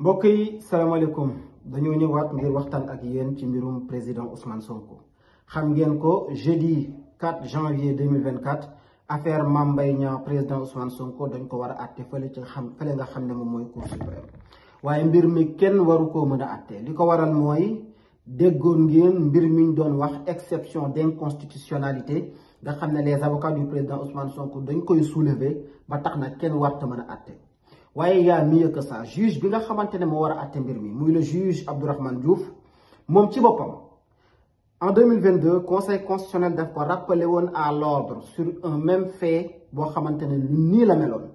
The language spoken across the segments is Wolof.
mbokk salam alaikum. dañoo ñëwaat ngir waxtaan ak yeen ci mbirum président Ousmane Sonko xam ngeen ko jeudi 4 janvier 2024 affaire Mame Niang président Ousmane Sonko dañ ko wara atté àtte ci xam fële nga xam ne moy mooy cour suprême waaye mbir mi kenn waru ko mëna atté. Liko waral moy déggoon ngeen mbir ñu doon wax exception d'inconstitutionnalité nga xam les avocats du président Ousmane Sonko dañ koy soulever ba tax na kenn warta mëna atté y yaa mieux que ça juge bi nga a atte mbir mi muy le juge Abdourahmane Diouf moom ci boppam en 2022 conseil constitutionnel daf ko rappelé woon à l'ordre sur un même fait boo xamante ne nii la meloon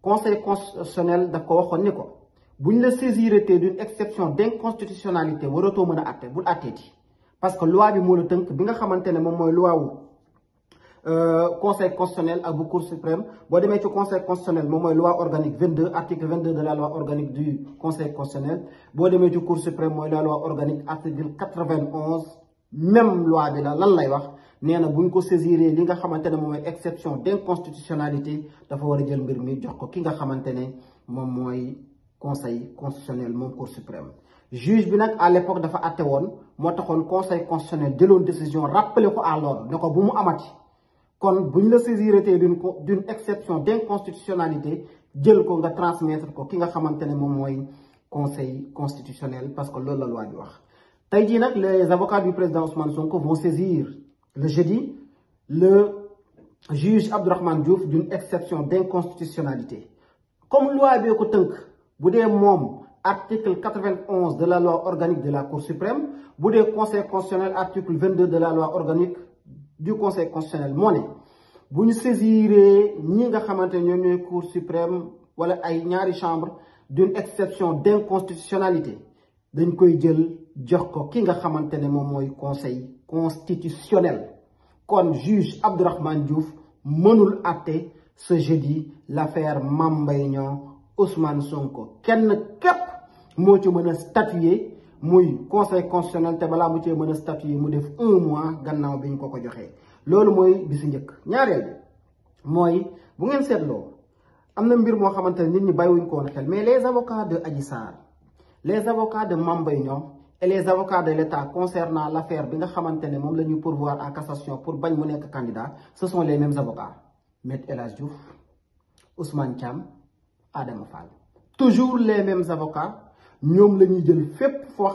conseil constitutionnel daf ko waxoon ni ko bu ñu la saisireté d'une exception d'inconstitutionnalité waratoo mën a atte bul atteeti parce que loi bi moo la tënk bi nga xamante ne moom loi euh, conseil constitutionnel à cour suprême boo ci conseil constitutionnel c'est la loi organique 22 article 22 de la loi organique du conseil constitutionnel boo demee ci cour suprême c'est la loi organique article 91 même loi de la lan lay wax nee na bu ko li exception d'inconstitutionnalité dafa war a jël mbir mi jox ko conseil constitutionnel moom cour suprême juge bi à l'époque dafa àtte woon conseil constitutionnel décision rappelé ko à l'ordre ne kon vous saisir d'une exception d'inconstitutionnalité jël ko transmettre ko conseil constitutionnel parce que c'est la loi les avocats du président Ousmane Sonko vont saisir le jeudi le juge Abdourahmane Diouf d'une exception d'inconstitutionnalité comme la loi de ko vous article 91 de la loi organique de la Cour suprême vous des conseil constitutionnel article 22 de la loi organique du conseil constitutionnel Vous ne bu ni saisiree ñi nga cour suprême wala ay ñaari chambre d'une exception d'inconstitutionnalité dañ koy jël jox ko ki nga xamante conseil constitutionnel comme juge Abdourahmane Diouf mënul àtte ce jeudi l'affaire Mame Ousmane Sonko kenn cap moo ci mën statuer moy conseil constitutionnel té bala mu cee mëna a statuer mu def un mois gannaaw biñ ko ko joxé loolu moy bi ñëk ñaarël moy bu ngeen sétlo amna mbir mo xamante nit ñi bayiwuñ ko woon xel mais les avocats de Adji les avocats de Mambay ñom et les avocats de l'État concernant l'affaire bi nga xamante mom lañu pourvoir à cassation pour bañ mu nekk candidat ce sont les mêmes avocats Maître El Hadj Diouf Ousmane Cham Adama Fall toujours les mêmes avocats ñom lañuy jël fep fo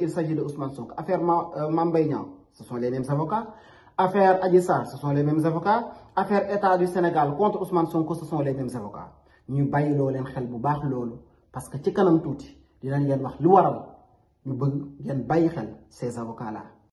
il s'agit de Ousmane Sonko affaire Mambay euh, ce sont les mêmes avocats affaire Adji ce sont les mêmes avocats affaire État du Sénégal contre Ousmane Sonko ce sont les mêmes avocats ñu bayyi lo leen xel bu baax parce que ci kanam tuuti dinañ leen wax lu waral ñu bëgg ngeen bayyi xel ces avocats là.